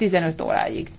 15 óráig.